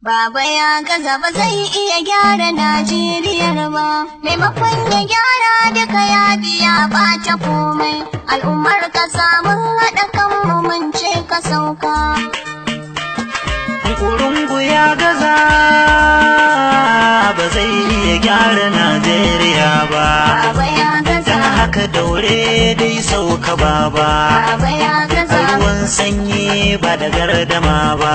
Baba ya gaza ba zai iya gyara Najeriya ba, maimakon ya gyara duka ya biya ɓata komai, al'ummar ƙasa mun haɗa kan mun ce ka sauka. Kurungu ya gaza ba zai iya gyara Najeriya ba, ta haka daure dai sauka baba, ruwan sanyi ba da gardama ba.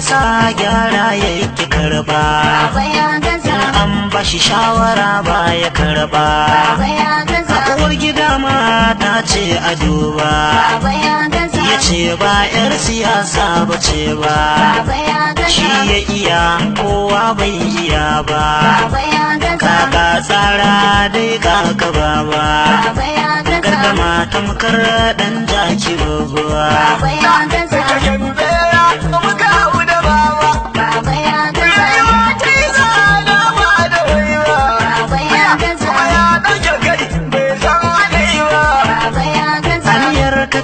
sa gyara ya ki karba an shi shawara ba ya karba a uwar gida ma ta ce a duba ya ce ba yar siyasa ba ce ba shi ya iya kowa bai iya ba kaka tsara dai kaka baba gargama tamkar dan jaki babuwa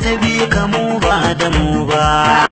ta bi mu ba da mu ba